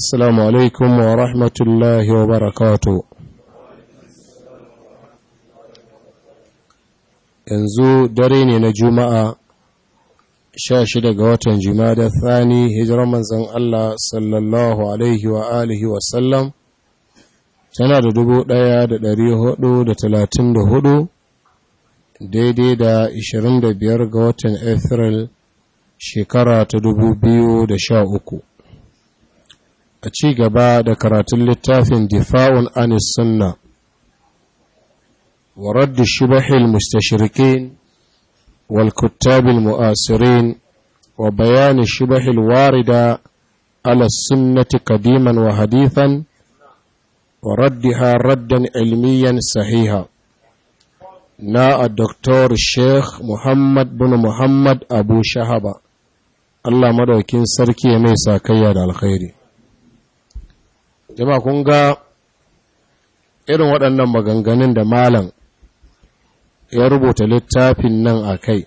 السلام wa rahmatullahi wa وبركاته yanzu dare ne na juma'a 16 ga watan da thani hijirar manzan Allah tana sallallahu alaihi ɗaya da wasallam tana da 1434 daidai da 25 ga watan Afril shekara ta biyu da sha uku. a ci gaba da karatun littafin difa'un anis sunna wa raddi shibahil mustashrikin wal kuttabil mu'asirin wa bayani shibahil warida ala sunnati kadiman wa hadithan wa raddiha raddan ilmiyan sahiha na a doktor Sheikh Muhammad bin Muhammad Abu Shahaba, Allah madaukin sarki ya mai sakayya da alkhairi. jama kun ga irin waɗannan maganganun da malam ya rubuta littafin nan a kai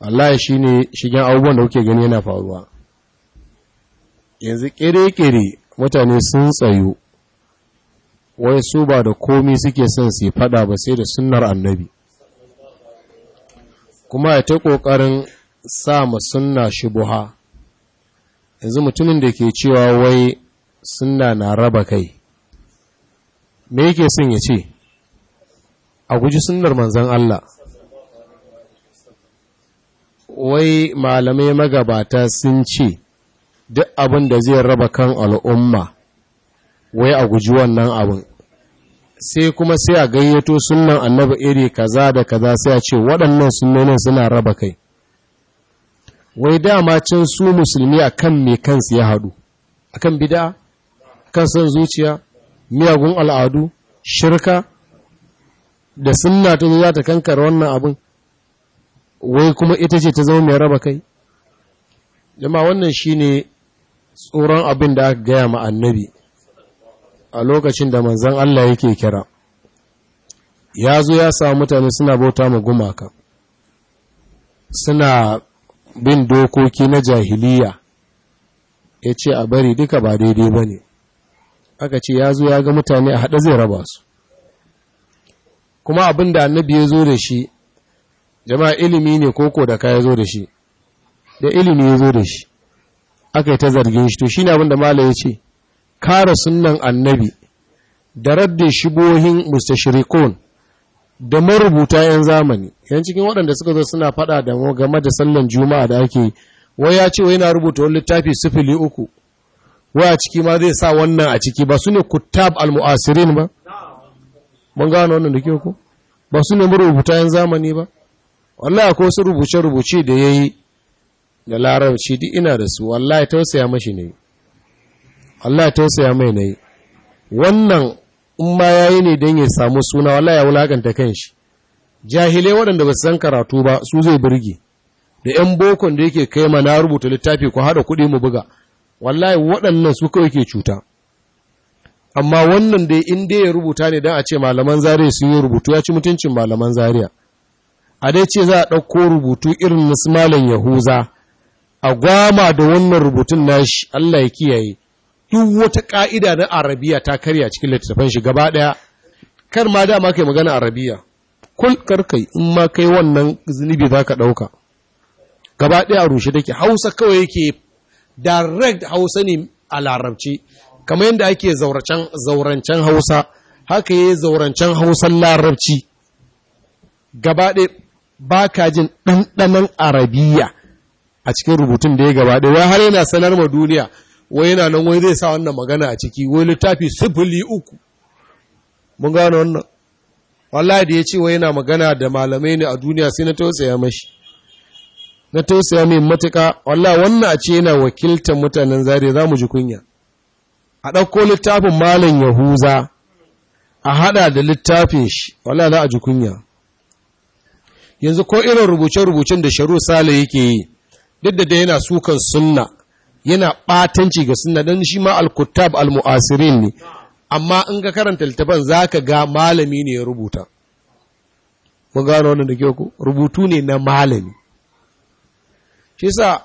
Allah shi ne shigen abubuwan da kuke gani yana faruwa yanzu ƙere-ƙere mutane sun tsayo wai su ba da komi suke son su fada ba sai da sunnar annabi kuma ya ta ƙoƙarin sa ma sunna shubuha yanzu mutumin da ke cewa wai suna na raba kai me yake son ya ce a guji sunar manzan Allah wai malamai magabata sun ce duk abin da zai raba kan al'umma wai a guji wannan abin sai kuma sai a gayyato sunan annabi iri kaza da kaza sai a ce waɗannan sunanin suna raba kai wai dama can su musulmi akan me kansu ya haɗu akan bid'a kan san zuciya miyagun al'adu shirka da sunna ta zo za ta kankara wannan abin wai kuma ita ce ta zama mai raba kai jama wannan shine tsoron abin da aka gaya ma annabi a lokacin da manzan Allah yake kira ya zo ya samu mutane suna bauta ma gumaka suna bin dokoki na jahiliya ya ce a bari duka ba daidai ba ne aka ce ya zo ya ga mutane a haɗe zai raba su kuma abin da annabi ya zo da shi jama'a ilimi ne koko da ya zo da shi da ilimi ya zo da shi aka yi ta zargin shi to shi ne abin da mala ya ce kara sunan annabi da raddin shibohin mustashirikon da marubuta 'yan zamani yan cikin waɗanda suka zo suna faɗa da game da sallan juma'a da ake wai ya ce wai yana rubuta wani littafi sifili uku waya ciki ma zai sa wannan a ciki ba su ne kutab al-mu'asirin ba mun gano wannan da ke ku ba su ne marubuta yan zamani ba wallahi ko su rubuce-rubuce da yayi da larabci duk ina da su wallahi tausaya mashi ne wallahi tausaya mai ne wannan in ma yayi ne dan ya samu suna wallahi ya wulakanta kanshi jahilai waɗanda ba su san karatu ba su zai burge da 'yan bokon da yake kai ma na rubuta littafi ku haɗa kuɗi mu buga wallahi waɗannan su kawai ke cuta amma wannan dai in dai ya rubuta ne don a ce malaman zariya sun yi rubutu ya ci mutuncin malaman zariya a dai ce za a ɗauko rubutu irin na yahuza a gwama da wannan rubutun nashi Allah ya kiyaye duk wata ƙa'ida na arabiya ta karya cikin littattafan shi gaba ɗaya kar ma dama kai magana arabiya kul karkai in ma kai wannan zunubi za ka ɗauka gaba ɗaya a rushe take hausa kawai yake direct hausa ne a larabci kamar yadda ake zaurancen hausa haka yi zaurancen hausan larabci gabaɗe ba ka jin ɗanɗanon arabiya a cikin rubutun da ya gabaɗe wai har yana sanar ma duniya wai yana nan wai zai sa wannan magana a ciki wai littafi sifili uku mun gano wannan wallahi da ya ce wai yana magana da malamai ne a duniya sai na tausaya mashi na tausaya mai matuka wallah wannan a ce yana wakiltar mutanen zare za mu ji kunya a ɗauko littafin malam yahuza a haɗa da littafin shi wallah za a ji kunya yanzu ko irin rubuce-rubucen da sharu sale yake yi duk da yana sukan sunna yana ɓatanci ga sunna don shi ma al-kuttab al-mu'asirin ne amma in ka karanta littafin za ka ga malami ne ya rubuta mun gano wannan da ke ku rubutu ne na malami shi sa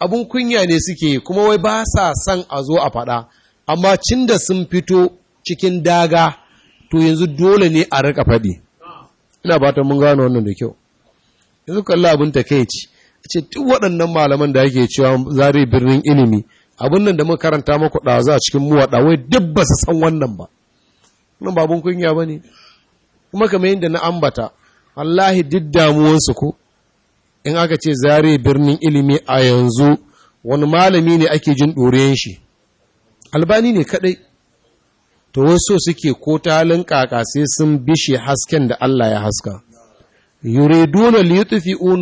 abun kunya ne suke kuma wai ba sa son a zo a faɗa amma cin da sun fito cikin daga to yanzu dole ne a rika faɗi ina ba ta mun gano wannan da kyau yanzu kalla abin ta kai ci a ce duk waɗannan malaman da ake cewa zare birnin ilimi abin nan da muka karanta maku ɗazu a cikin muwaɗa wai duk ba su san wannan ba ba babun kunya ba ne kuma kamar yadda na ambata wallahi duk damuwansu ko in aka ce zare birnin ilimi a yanzu wani malami ne ake jin ɗoriyan shi albani ne kaɗai to wasu suke ko talin kaka sai sun bishe hasken da Allah ya haska yuriduna liyutfi'u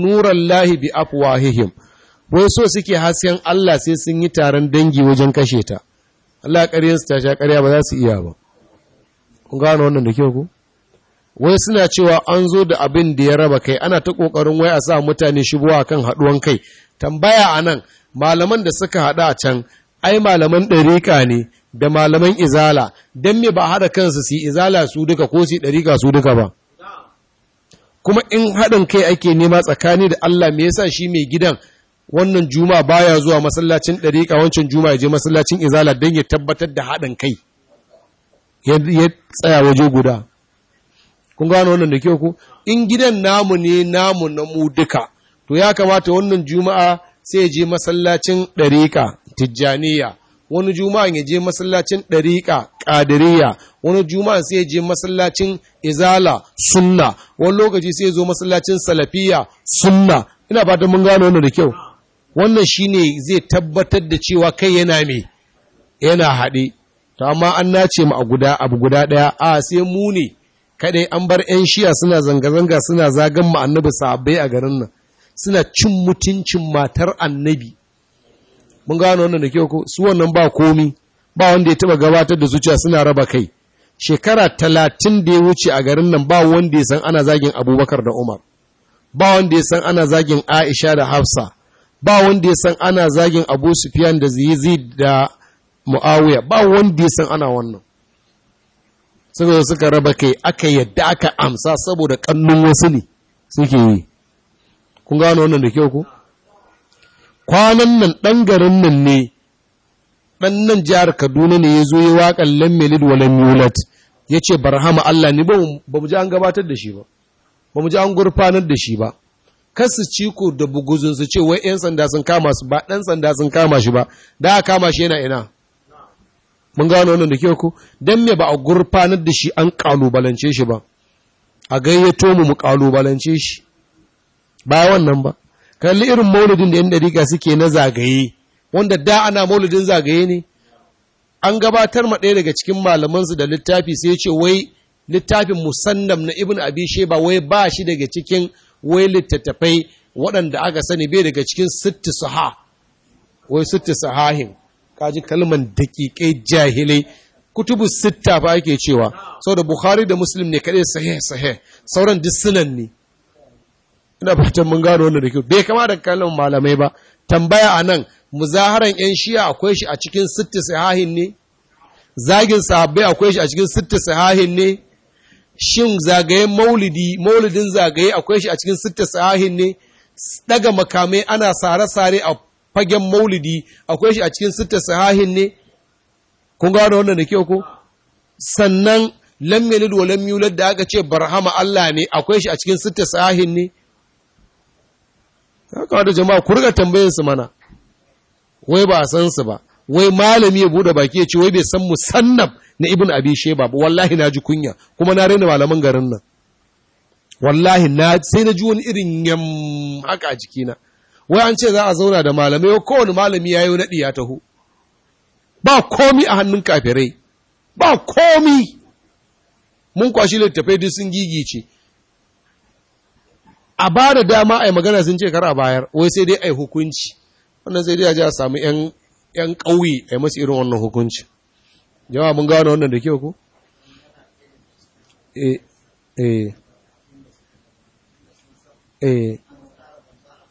lahi bi afwahihim wai so suke hasken Allah sai sun yi taron dangi wajen kashe ta Allah ƙaryar su ta sha ƙarya ba za su iya ba kun gano wannan da kyau ku wai suna cewa an zo da abin da ya raba kai ana ta ƙoƙarin wai a sa mutane shigowa kan haɗuwan kai tambaya a nan malaman da suka haɗa a can ai malaman ɗarika ne da malaman izala don me ba haɗa kansu su izala su duka ko su ɗarika su duka ba kuma in haɗin kai ake nema tsakani da Allah me yasa shi mai gidan wannan juma baya zuwa masallacin ɗariƙa wancan juma ya je masallacin izala don ya tabbatar da haɗin kai ya tsaya waje guda kun gano wannan da kyau ku in gidan namu ne namu na mu duka to ya kamata wannan juma'a sai je masallacin ɗariƙa tijjaniya wani juma'a ya je masallacin ɗariƙa ƙadiriya wani juma'a sai je masallacin izala sunna wani lokaci sai zo masallacin salafiya sunna ina fatan mun gano wannan da kyau wannan shine zai tabbatar da cewa kai yana me yana haɗe to amma an nace mu a guda abu guda ɗaya a sai mu ne Kaɗai an bar 'yan shiya suna zanga-zanga suna zagan annabi sahabbai a garin nan suna cin mutuncin matar annabi mun gano wannan da ke ko su wannan ba komi ba wanda ya taba gabatar da zuciya suna raba kai shekara talatin da ya wuce a garin nan ba wanda ya san ana zagin abubakar da umar ba wanda ya san ana zagin aisha da hafsa ba wanda ya san ana zagin abu sufiyan da zai da mu'awiya ba wanda ya san ana wannan suka suka raba kai aka yadda aka amsa saboda kannun wasu ne suke yi kun gano wannan da kyau ko kwanan nan ɗan garin nan ne ɗan nan jihar Kaduna ne ya zo ya waƙan lammelid wa lammulat ya ce barhama Allah ne ba mu ji an gabatar da shi ba ba mu ji an gurfanar da shi ba kasu ciko da buguzunsu ce wai 'yan sanda sun kama su ba ɗan sanda sun kama shi ba da kama shi yana ina mun gano wannan da kyau ko dan me ba a gurfanar da shi an kalubalance shi ba a gayyato mu mu kalubalance shi ba wannan ba kalli irin maulidin da yan dariƙa suke na zagaye wanda da ana maulidin zagaye ne an gabatar ma ɗaya daga cikin malamansu da littafi sai ce wai littafin musannam na ibn abi sheba wai ba shi daga cikin wai littattafai waɗanda aka sani bai daga cikin sittu wai sahahin kaji kalman daƙiƙai jahilai kutubu sitta ba ake cewa saboda bukhari da muslim ne kaɗai sahih sahih sauran duk sunan ne ina fatan mun gano wannan da bai kama da kalman malamai ba tambaya anan muzaharan yan shiya akwai shi a cikin sitta sahahin ne zagin sahabbai akwai shi a cikin sitta sahahin ne shin zagayen maulidi maulidin zagaye akwai shi a cikin sitta sahahin ne daga makamai ana sare-sare a fagen maulidi akwai shi a cikin sitta sahahin ne kun gano wannan da kyau ko sannan lam yalid wa lam yulad da aka ce barhama Allah ne akwai shi a cikin sitta sahahin ne haka da jama'a ku riga tambayin su mana wai ba san su ba wai malami ya bude baki ya ce wai bai san musannab na ibn abi sheba ba wallahi na ji kunya kuma na raina malaman garin nan wallahi na sai na ji wani irin yam haka a jikina wai an ce za a zauna da malamai ko kowane malami ya yi naɗi ya taho ba komi a hannun kafirai ba komi mun kwashi littafai duk sun gigice a ba da dama a yi magana sun ce kar a bayar wai sai dai a yi hukunci wannan sai dai a ji a samu 'yan ƙauye a yi masu irin wannan hukunci jama'a mun gano wannan da kyau ko? eh eh eh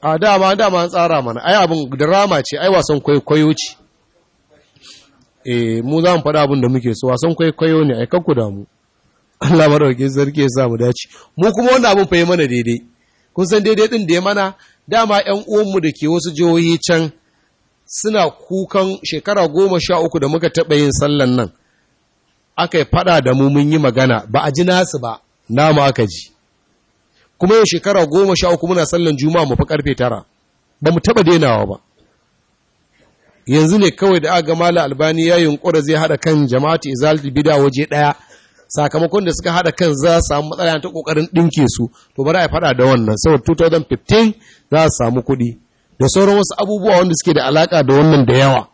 a dama dama an tsara mana ai abin drama ce ai wasan kwaikwayo ce eh mu za mu faɗa abin da muke so wasan kwaikwayo ne ai kakku da mu Allah madaukakin sarki ya sa mu dace mu kuma wannan abin fa mana daidai kun san daidai din da ya mana dama ƴan uwanmu da ke wasu jihohi can suna kukan shekara goma sha uku da muka taɓa yin sallan nan aka yi faɗa da mu mun yi magana ba a ji nasu ba namu aka ji kuma yau shekara goma sha uku muna sallan juma'a mu karfe tara ba mu taɓa denawa ba yanzu ne kawai da aka mala albani ya yunkura zai haɗa kan jama'atu izalti bida waje ɗaya sakamakon da suka haɗa kan za su samu matsala ta ƙoƙarin ɗinke su to bari a faɗa da wannan saboda 2015 za su samu kuɗi da sauran wasu abubuwa wanda suke da alaƙa da wannan da yawa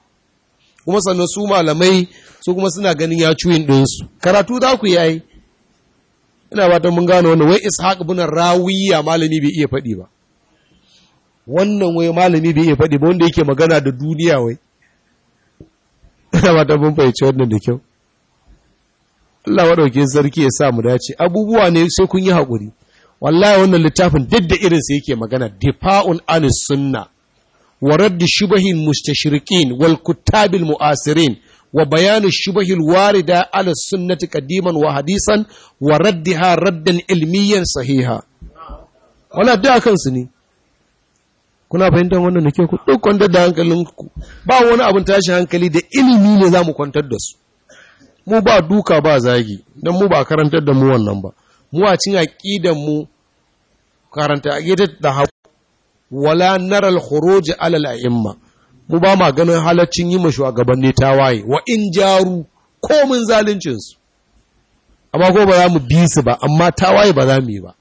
kuma sannan su malamai su kuma suna ganin ya cuyin ɗinsu karatu za ku yayi ina ta mun gano wannan wai ishaq ibn rawiya malami bai iya faɗi ba wannan wai malami bai iya faɗi ba wanda yake magana da duniya wai ina ta mun fahimci wannan da kyau Allah wadauke sarki ya sa mu dace abubuwa ne sai kun yi haƙuri wallahi wannan littafin duk da irin sai yake magana difa'un anis sunna wa radd shubahin mustashriqin wal kuttabil mu'asirin wa bayanu shubahil da ala sunnati qadiman wa hadisan wa raddiha raddan ilmiyan sahiha wala da kansu ne kuna fahimtar wannan da ke ku duk kwantar da hankalinku ba wani abin tashi hankali da ilimi ne za mu kwantar da su mu ba duka ba zagi don mu ba karantar da mu wannan ba mu a cin aqidan mu karanta aqidar da wala naral khuruj ala al-a'imma mu ba ma ganin halaccin yi ne shugabanni tawaye wa in jaru ko mun zaluncinsu amma ko ba za mu bi su ba amma tawaye ba za mu yi ba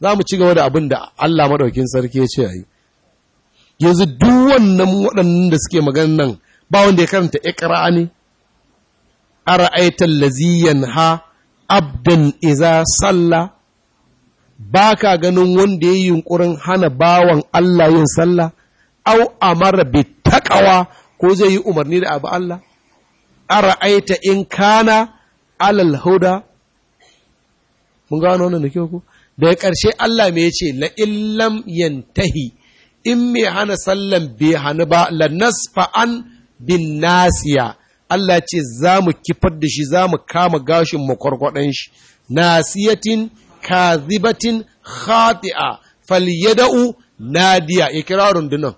za mu ci gaba da abin da Allah maɗaukin sarki ya ce a yi yanzu duk wannan waɗannan da suke magana nan ba wanda ya karanta ikra ne ara'aital laziyan yanha abdan iza salla ba ka ganin wanda ya yi yunkurin hana bawan Allah yin sallah au amara bit taƙawa ko zai yi umarni da abu Allah ara'aita in kana alal huda mun gano wannan da kyau da daga ƙarshe Allah me yace la illam yantahi in mai hana sallan bai hana ba la nasfa an bin nasiya Allah ce za mu kifar da shi za mu kama gashin mu kwarkwadan shi nasiyatin kazibatin khati'a falyada'u nadiya kira rundunan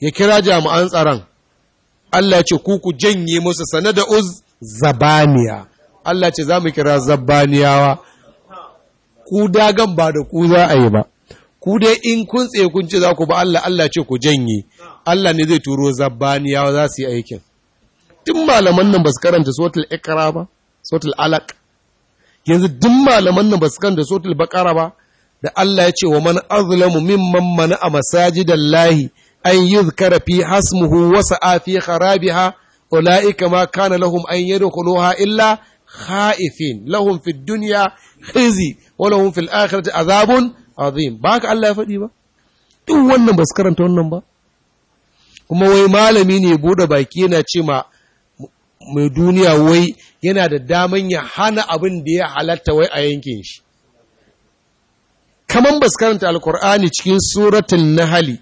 ya kira jami'an tsaron Allah ce ku ku janye musu sana da uz zabaniya Allah ce za mu kira zabaniyawa ku dagan ba da ku za a yi ba ku dai in kun tsaye kun ce za ku ba Allah Allah ce ku janye Allah ne zai turo zabaniyawa za su yi aikin tun malaman nan ba su karanta sotul ikra ba sotul alaq yanzu duk malaman nan ba su karanta sotul bakara ba da Allah ya ce wa man azlamu mimman mana a masajidan lahi an yuzkara fi hasmuhu wa sa'a fi kharabiha ulaika ma kana lahum an yadkhuluha illa khaifin lahum fi dunya khizi wa lahum azabun azim ba ka Allah ya faɗi ba duk wannan ba su karanta wannan ba kuma wai malami ne bude baki yana ce mai duniya wai yana da daman ya hana abin da ya halatta wai a yankin shi Kamar ba su karanta alkur'ani cikin suratun nahali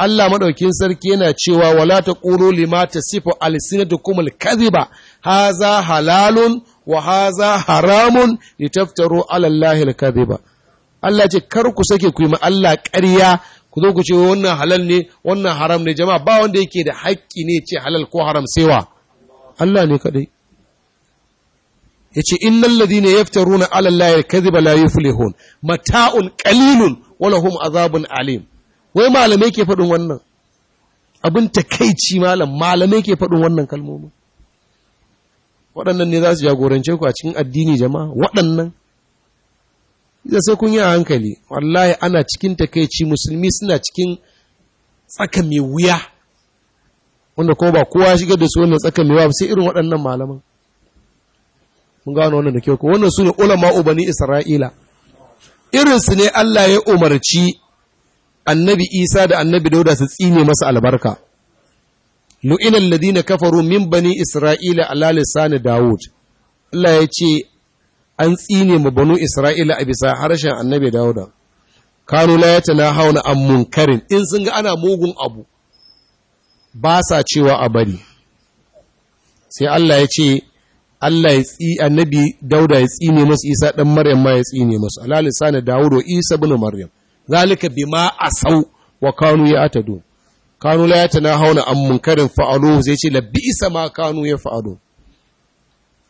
Allah madaukin sarki yana cewa wala ta taqulu lima ta tasifu alsinatukum alkadhiba haza halalun wa haza haramun litaftaru ala allahi alkadhiba Allah ce kar ku sake ku yi ma Allah ƙarya ku zo ku ce wannan halal ne wannan haram ne jama'a ba wanda yake da haƙƙi ne ce halal ko haram sewa Allah ne kadai yace innal ladina yaftaruna ala allahi alkadhiba la yuflihun mata'un qalilun wa lahum azabun alim wai malamai ke faɗin wannan abin takaici malam malamai ke faɗin wannan kalmomin waɗannan ne za su jagorance ku a cikin addini jama'a waɗannan da sai kun yi a hankali wallahi ana cikin takaici musulmi suna cikin tsaka mai wuya wanda kuma ba kowa shigar da su wannan tsaka mai wuya sai irin waɗannan malaman mun gano wannan da kyau ko wannan su ne ulama ubani isra'ila irinsu ne Allah ya umarci annabi isa da annabi dauda su tsine masa albarka lu'inan ladina kafaru min bani isra'ila ala lisan daud Allah ya ce an tsine ma banu isra'ila a bisa harshen annabi dauda kanu la hauna an munkarin in sun ga ana mugun abu ba sa cewa a bari sai Allah ya ce Allah ya tsi annabi dauda ya tsine masa isa dan maryam ma ya tsine masa ala lisan daud wa isa ibn maryam zalika bima asau wa kanu ya atadu kanu la hauna an munkarin fa'alu zai ce bi isa ma kanu ya fa'alu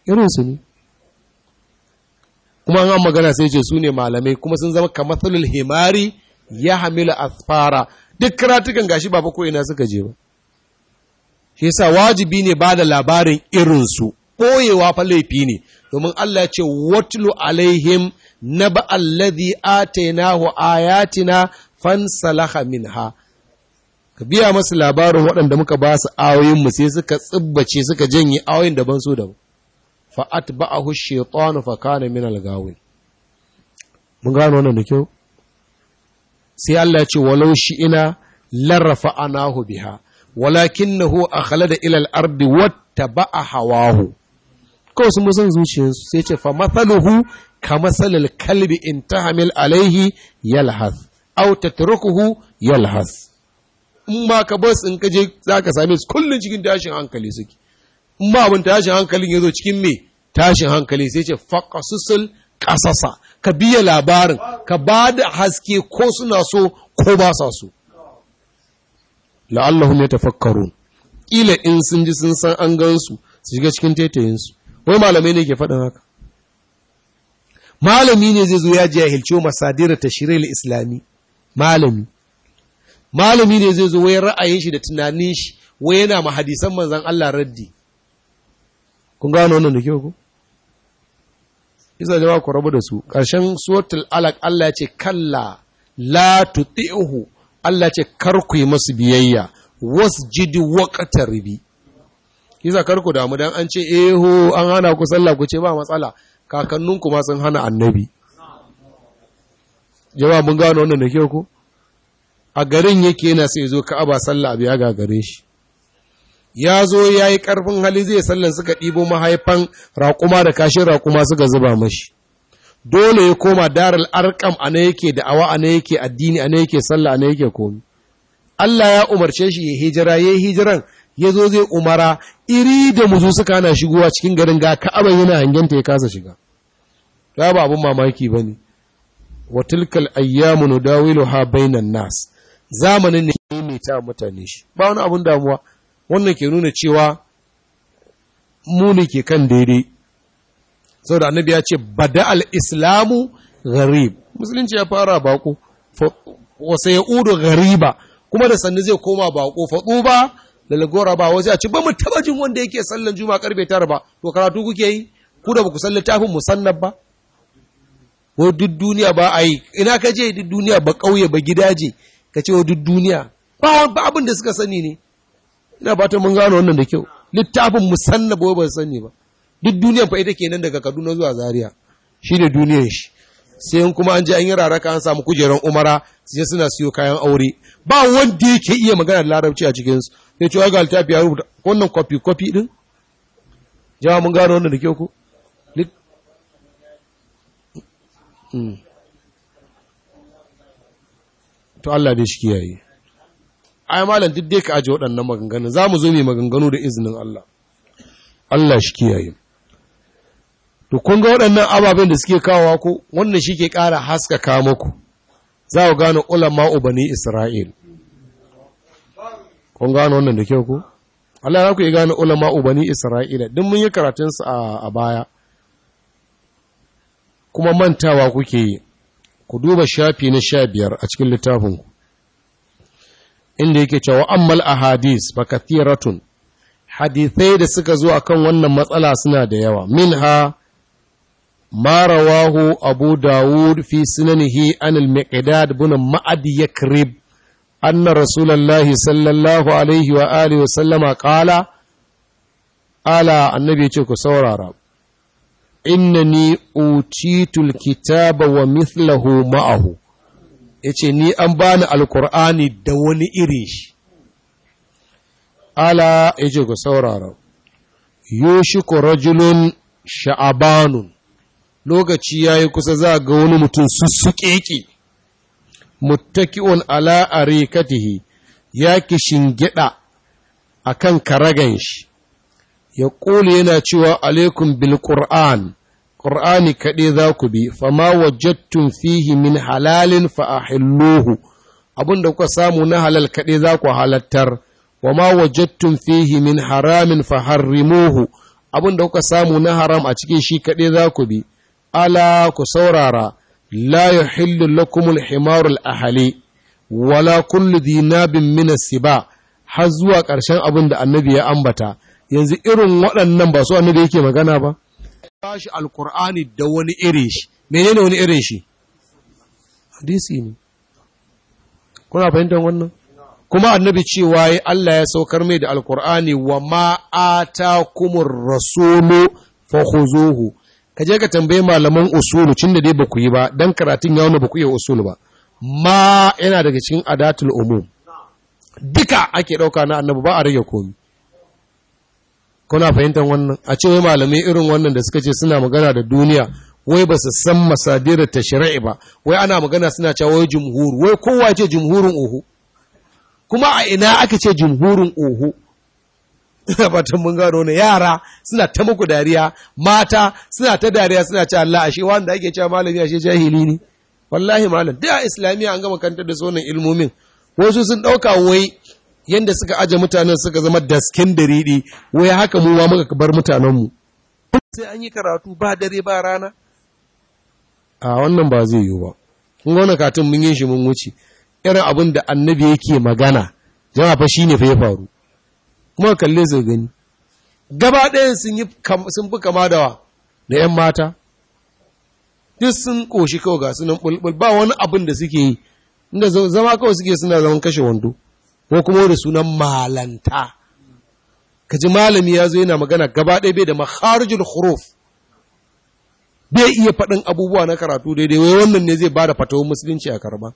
irin su ne kuma an magana sai ce su ne malamai kuma sun zama kamathalul himari ya hamila asfara duk karatukan gashi ba ko ina suka je ba shi yasa wajibi ne ba da labarin irinsu ɓoyewa fa laifi ne domin Allah ya ce watlu alaihim na ba'alladhi atainahu ayatina fansalaha minha ka biya masu labarin waɗanda muka ba su mu sai suka tsibbace suka janye ayoyin da ban so da fa atba'ahu shaytanu fa kana min al-gawin mun gano wannan da kyau sai Allah ya ce walau shi ina larrafa anahu biha walakinahu akhlada ila al-ardi wattaba'a hawahu kawai sun san zuciyarsu sai ce fa mathaluhu kamasalil kalbi in tahmil alaihi yalhas aw tatrukuhu yalhas in ma ka bas in ka je zaka same su kullun cikin tashin hankali suke in ma abin tashin hankalin yazo cikin me tashin hankali sai ce faqasusul ƙasasa, ka biya labarin ka ba da haske ko suna so ko ba sa so la'allahum yatafakkarun ila in sun ji sun san an su shiga cikin taitayinsu wai malamai ne ke faɗin haka malami ne zai zo ya jahilci masadira shirin islami malami malami ne zai zo wayan ra'ayin shi da tunanin shi wai yana ma hadisan manzon Allah raddi kun gano wannan da kyau ko isa jama'a ku rabu da su karshen suratul alaq Allah ya ce kalla la tuti'hu Allah ya ce kar ku yi masu biyayya wasjidi ribi. isa kar ku damu dan an ce eho eh an hana ku sallah ku ce ba matsala kakanninku ma sun hana annabi jama'a mun gano wannan da kyau ku? a garin yake yana sai zo ka'aba sallah abu ya gagare shi ya zo ya yi ƙarfin hali zai sallan suka ɗibo mahaifan raƙuma da kashin raƙuma suka zuba mashi dole ya koma darar arkam a na yake awa a na yake addini a na yake sallah a na yake komi Allah ya umarce shi ya hijira ya yi hijiran ya zo zai umara iri da musu suka shigo shigowa cikin garin ga ka'aba yana hangenta ya kasa shiga Ta ba abin mamaki ba ne wa tilkal ayyamu nudawilu ha bainan nas zamanin ne mai ta mutane shi ba wani abin damuwa wannan ke nuna cewa mu ke kan daidai saboda annabi ya ce bada al-islamu gharib musulunci ya fara bako udu sayudu ghariba kuma da sannu zai koma bako fa ba lalagora ba wasu a ci ba mu taba jin wanda yake sallan juma karfe tara ba to karatu kuke yi ku da baku san littafin musannab ba ko duk duniya ba a yi ina ka je duk duniya ba ƙauye ba gidaje ka ce wa duk duniya ba ba abin da suka sani ne ina ba ta mun gano wannan da kyau littafin musannab ba sani ba duk duniya fa ita kenan daga Kaduna zuwa Zariya. shi ne duniyar shi sai kuma an je an yi raraka an samu kujerar umara sai suna siyo kayan aure ba wanda yake iya magana da larabci a cikinsu sai ce ga littafi ya rubuta wannan kwafi kwafi din jawa mun gano wannan da ke ku hmm. to Allah dai shi kiyaye ai malam duk dai ka aje waɗannan maganganun za mu zo mai maganganu da izinin Allah Allah shi kiyaye to kun ga waɗannan ababen da suke kawowa ko wannan shi ke ƙara haskaka muku za ku gano ulama ubani Isra'il kun gano wannan da kyau ku? Allah ya ku yi gane ulama ubani Isra'ila din mun yi karatun su a baya kuma mantawa kuke yi ku duba shafi na sha biyar a cikin littafin ku inda yake cewa ammal ahadis fiye kathiratun hadithai da suka zo a kan wannan matsala suna da yawa minha ha Marawahu Abu Dawud في سننه عن المقداد بن anna رسول الله صلى wa عليه وآله ƙala ala annabi ce ku saurara رب إنني kitaba wa ومثله ma'ahu yace ni an bani alkur'ani da wani irin shi ala yace ku saurara yushiku rajulun sha'abanun lokaci yayi kusa za ga wani mutum yake. muttaki'un ala rikatihi ya kishingida a kan karagan shi, ya ƙuli yana cewa alaikun bil ƙur'an, ƙur'ani kaɗe za ku bi, fama wajattun fihi min halalin fa'ahilluhu, abin da kuka samu na halal kaɗe za ku halattar, wa ma wajattun fihi min haramin faharrimuhu, abin da kuka samu na haram a cikin shi kaɗe za ku bi, ala ku saurara. la yuhillu lakum al-himaru al-ahli wala kullu dhinabin min as har zuwa ƙarshen abin da annabi ya ambata yanzu irin waɗannan ba su annabi yake magana ba tashi alqur'ani da wani irin shi menene wani irin shi hadisi ne kuna fahimtar wannan kuma annabi cewa ya Allah ya saukar mai da alkur'ani wa ma rasulo rasulu fakhuzuhu ka je ka tambaye malaman usulu cin da dai ba ku yi ba don karatun ya wani ba ku yi usulu ba ma yana daga cikin adatul umum duka ake ɗauka na annabi ba a rage komi kuna fahimtar wannan a ce wai malamai irin wannan da suka ce suna magana da duniya wai ba su san masadira ta shari'i ba wai ana magana suna cewa wai jumhur wai kowa ce jumhurin oho kuma a ina aka ce jumhurin oho ina fatan mun gano ne yara suna ta muku dariya mata suna ta dariya suna ci Allah ashe wanda ake cewa malami ashe jahili ne wallahi malam da Islamiya an gama kantar da sonan ilmomin wasu sun dauka wai yanda suka aje mutanen suka zama daskin daridi wai haka mu ma muka bar mutanen mu sai an yi karatu ba dare ba rana a wannan ba zai yiwu ba kun gona katin mun yi shi mun wuce irin abin da annabi yake magana jama'a fa shine fa ya faru kuma kalle su gani gaba ɗayan sun fi kama da wa da ‘yan mata duk sun ƙoshi kawai ga sunan bulbul ba wani abin da suke yi inda zama kawai suke suna zaman kashe wando ko kuma da sunan malanta ka ji malami ya zo yana magana gaba ɗaya bai da makharijul huruf bai iya faɗin abubuwa na karatu daidai wai wannan ne zai ba da fatawar musulunci a karba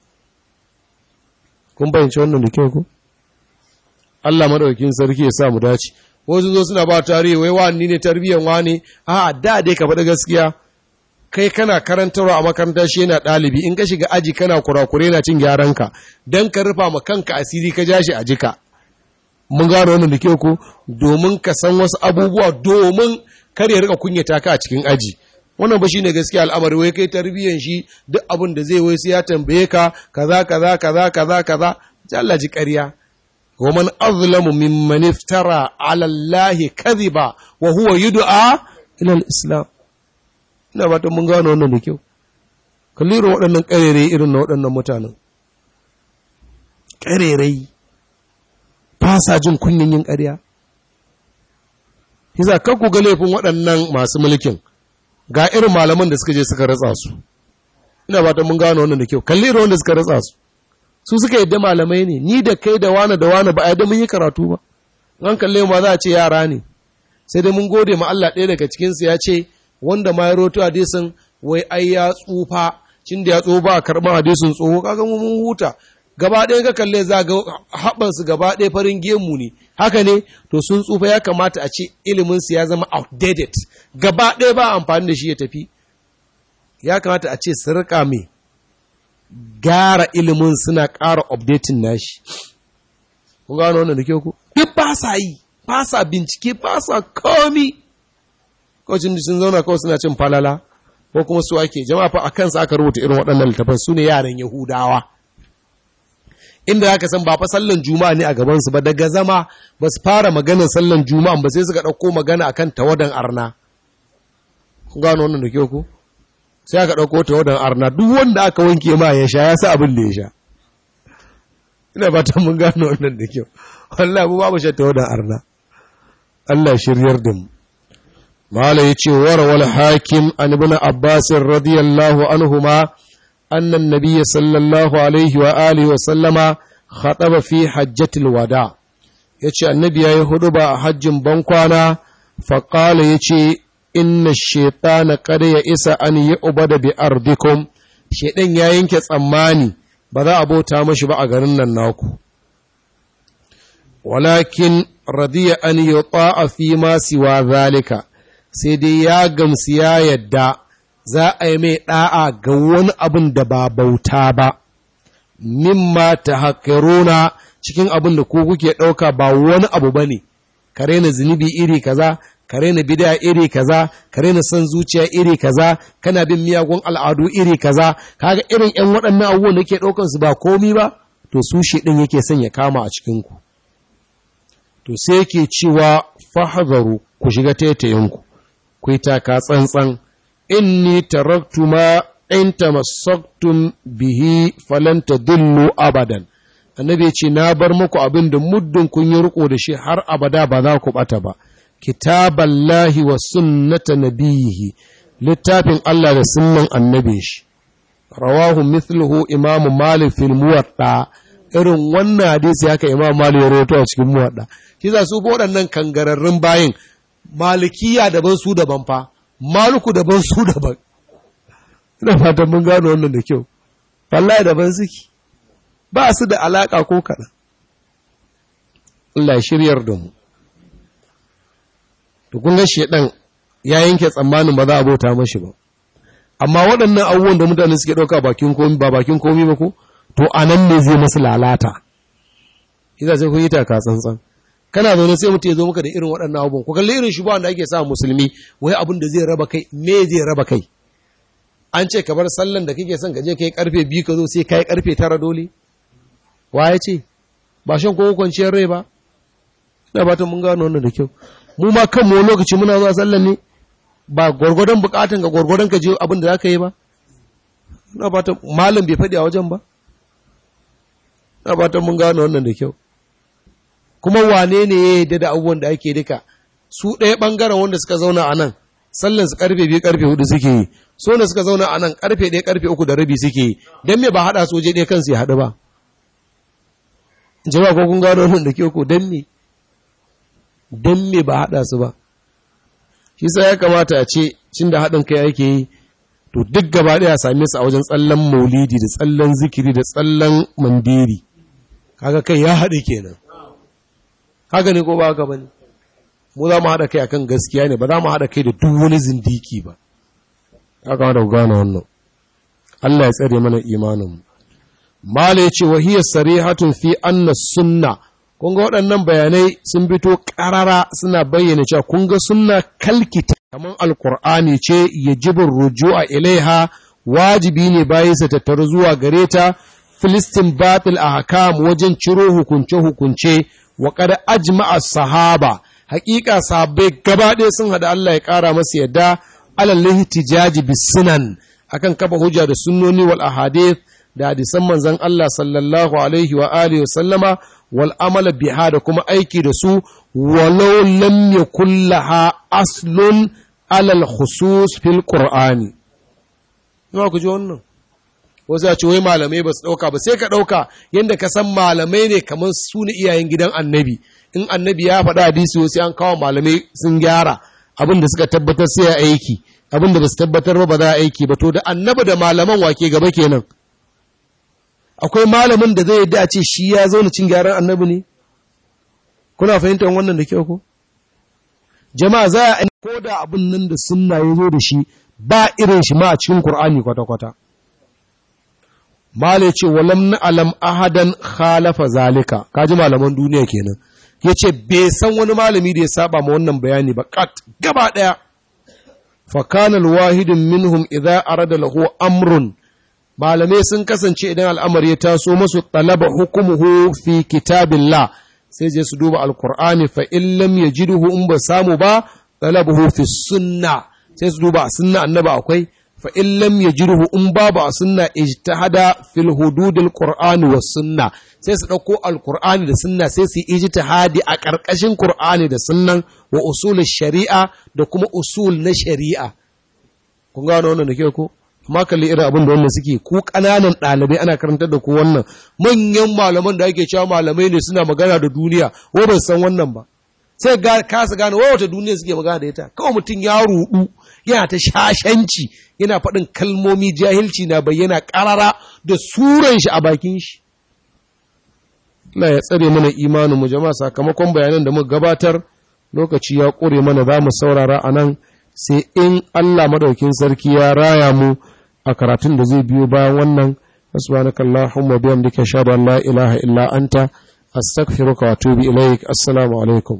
kun bayyance wannan da kyau ko Allah madaukakin sarki ya sa mu dace wasu zo suna ba tarihi wai wani ne tarbiyyar wani a da dai ka faɗi gaskiya kai kana karantarwa a makaranta shi yana ɗalibi in ka shiga aji kana kurakure na cin ka. don ka rufa ma kanka asiri ka ja shi a jika mun gano wannan da ke domin ka san wasu abubuwa domin kar ya rika kunyata ka a cikin aji wannan ba ne gaskiya al'amari wai kai tarbiyyar shi duk abin da zai wai sai ya tambaye ka kaza kaza kaza kaza kaza Allah ji ƙarya wa man azlamu mimman iftara ala Allah kadhiba wa huwa yud'a ila al-islam ina ba ta mun gano wannan da kyau kallirin waɗannan ƙarere irin na waɗannan mutanen ƙarerai ba jin kunnin yin ƙarya Hiza kan ku ga laifin waɗannan masu mulkin ga irin malaman da suka je suka ratsa su ina ba mun gano wannan da kyau kallirin wanda suka ratsa su su suka yadda malamai ne ni da kai da wani da wani ba a yadda mun yi karatu ba an kalle ma za a ce yara ne sai dai mun gode ma Allah ɗaya daga cikinsu ya ce wanda ma ya roto hadisin wai ai ya tsufa cin da ya tsoho ba a karɓar hadisin tsoho kaga mun huta gaba ɗaya ka kalle za ga haɓansu gaba ɗaya farin gemu ne haka ne to sun tsufa ya kamata a ce iliminsu ya zama outdated gaba ɗaya ba amfani da shi ya tafi ya kamata a ce su riƙa mai gara ilimin suna ƙara updating nashi ku gano wannan da ke ku duk ba sa yi ba sa bincike ba sa komi kawacin sun zauna kawai suna cin falala ko kuma su ake jama'a fa a kansa aka rubuta irin waɗannan littafan su ne yaran yahudawa inda za san ba fa sallan juma'a ne a gabansu ba daga zama ba su fara maganar sallan juma'a ba sai suka ɗauko magana akan tawadan arna kun gano wannan da ke ku sai aka ɗauko ta wadan arna duk wanda aka wanke ma ya sha ya sa abin da ya sha ina fatan mun gano wannan da kyau wallahi mu babu shan ta wadan arna Allah shiryar da mu mala yace warawal hakim an ibn abbas radiyallahu anhuma anna an-nabiy sallallahu alaihi wa alihi wa sallama khataba fi hajjatil wada yace annabi yayi ba a hajjin bankwana fa qala yace inna shaitana kada ya isa an yi da bi'ar ardikum shaitan ya yanke tsammani ba za a bauta mashi ba a garin nan naku walakin radiya an yi ta'a fi ma siwa zalika sai dai ya gamsu ya yadda za a yi mai ɗa'a ga wani abin da ba bauta ba, mimma ta haƙaruna cikin abin da ku kuke ɗauka ba wani abu ba ne, kare na zunubi iri kaza, ka raina bid'a iri kaza ka raina son zuciya iri kaza kana bin miyagun al'adu iri kaza kaga irin yan waɗannan abubuwan da ke ɗaukar su ba komi ba to su shi ɗin yake son ya kama a cikin ku to sai yake cewa fahzaru ku shiga taitayen ku ku yi taka tsantsan inni taraktu ma in tamassaktum bihi falan tadullu abadan annabi ya ce na bar muku abin da muddin kun yi riko da shi har abada ba za ku bata ba kitaballahi wa sunnata nabiyihi littafin Allah da sunnan annabi shi rawahu mithluhu imamu malik fil muwatta irin wannan hadisi haka imamu malik ya rawaito a cikin muwatta kiza su waɗannan kangararrun bayin malikiya daban su daban fa maluku daban su daban ina fatan mun gano wannan da kyau wallahi daban suke ba su da alaka ko kaɗan Allah shiryar da mu to kun ga shedan ya yanke tsammanin ba za a bauta mashi ba amma waɗannan abubuwan da mutane suke ɗauka bakin komi ba bakin komi ba ko to anan ne zai masu lalata idan sai kun yi taka tsantsan kana zaune sai mutum ya zo maka da irin waɗannan abubuwan ku kalli irin ba da ake sa musulmi wai abin da zai raba kai me zai raba kai an ce kamar sallan da kake son ka je kai karfe biyu ka zo sai kai karfe tara dole wa ya ce ba shan ko kwanciyar rai ba ina fatan mun gano wannan da kyau mu ma kanmu mu lokaci muna zuwa sallan ne ba gwargwadon bukatun ga gwargwadon ka je abin da za ka yi ba na fatan malam bai faɗi a wajen ba na fatan mun gane wannan da kyau kuma wane ne ya yi da abubuwan da ake duka su ɗaya ɓangaren wanda suka zauna a nan sallan su karfe biyu karfe hudu suke yi so wanda suka zauna a nan karfe ɗaya karfe uku da rabi suke yi don me ba haɗa su waje ɗaya kansu ya haɗu ba jama'a ko kun gano wannan da kyau ko don me don me ba haɗa su ba shi sai ya kamata a ce cin da haɗin kai yake yi to duk gaba ɗaya same su a wajen tsallan maulidi da tsallan zikiri da tsallan mandiri kaga kai ya haɗe kenan haka ne ko ba haka bane mu za mu haɗa kai akan gaskiya ne ba za mu haɗa kai da duk wani zindiki ba ya kamata ku gane wannan Allah ya tsare mana imaninmu mala ya ce wa hiya sarihatun fi anna sunna kun ga waɗannan bayanai sun fito ƙarara suna bayyana cewa kun ga suna kalkita kamar alkur'ani ce yajibin ruju'a ilaiha wajibi ne bayan sa tattaru zuwa gare ta filistin batil a hakam wajen ciro hukunce-hukunce wa ajma'a sahaba hakika sahabbai gaba ɗaya sun haɗa Allah ya ƙara masa yadda alal ihtijaji bisunan akan kafa hujja da sunnoni wal ahadith da hadisan manzon Allah sallallahu alaihi wa alihi wa sallama والعمل بها biha da kuma aiki da su walau يكن لها aslun alal الخصوص في qur'ani nawa ku ji wannan wasu ya ce wai malamai ba su ɗauka ba sai ka ɗauka yadda ka san malamai ne kamar su ne iyayen gidan annabi in annabi ya faɗa hadisi sai an kawo malamai sun gyara abin da suka tabbatar sai ya aiki abin da ba su tabbatar ba ba za a aiki ba to da annabi da malaman wake gaba kenan akwai malamin da zai yadda a ce shi ya zauna cin gyaran annabi ne kuna fahimtar wannan da kyau ko jama'a za a ko da abin nan da sunna ya zo da shi ba irin shi ma a cikin Kur'ani kwata-kwata mala ce walam na alam ahadan khalafa zalika kaji malaman duniya kenan Ya ce bai san wani malami da ya saba ma wannan bayani ba kat gaba ɗaya. Fakanal wahidin minhum minhum idza arada lahu amrun malamai sun kasance idan al'amari ya taso masu talaba hukumuhu fi La sai je su duba alkur'ani fa in lam yajiduhu in ba samu ba talabahu fi sunna sai su duba a sunna annabi akwai fa in lam yajiduhu in ba a sunna ijtihada fil hududil qur'ani was sunna sai su dauko alkur'ani da sunna sai su ijtihadi a karkashin qur'ani da sunnan wa usul shari'a da kuma usul na shari'a kun gano wannan da ke ko ma kalli irin abin da wannan suke ko ƙananan ɗalibai ana karantar da ku wannan manyan malaman da ake cewa malamai ne suna magana da duniya wai ba san wannan ba sai ga kasa gane wai wata duniya suke magana da ita kawai mutum ya rudu, yana ta shashanci yana faɗin kalmomi jahilci na bayyana ƙarara da suran shi a bakin shi Allah ya tsare mana imanin mu jama'a sakamakon bayanan da muka gabatar lokaci ya ƙure mana za mu saurara a nan sai in Allah maɗaukin sarki ya raya mu a karatun da zai biyo bayan wannan subhanakallahumma bihamdika ashhadu an la ilaha illa anta astaghfiruka wa atubu ilaik assalamu alaikum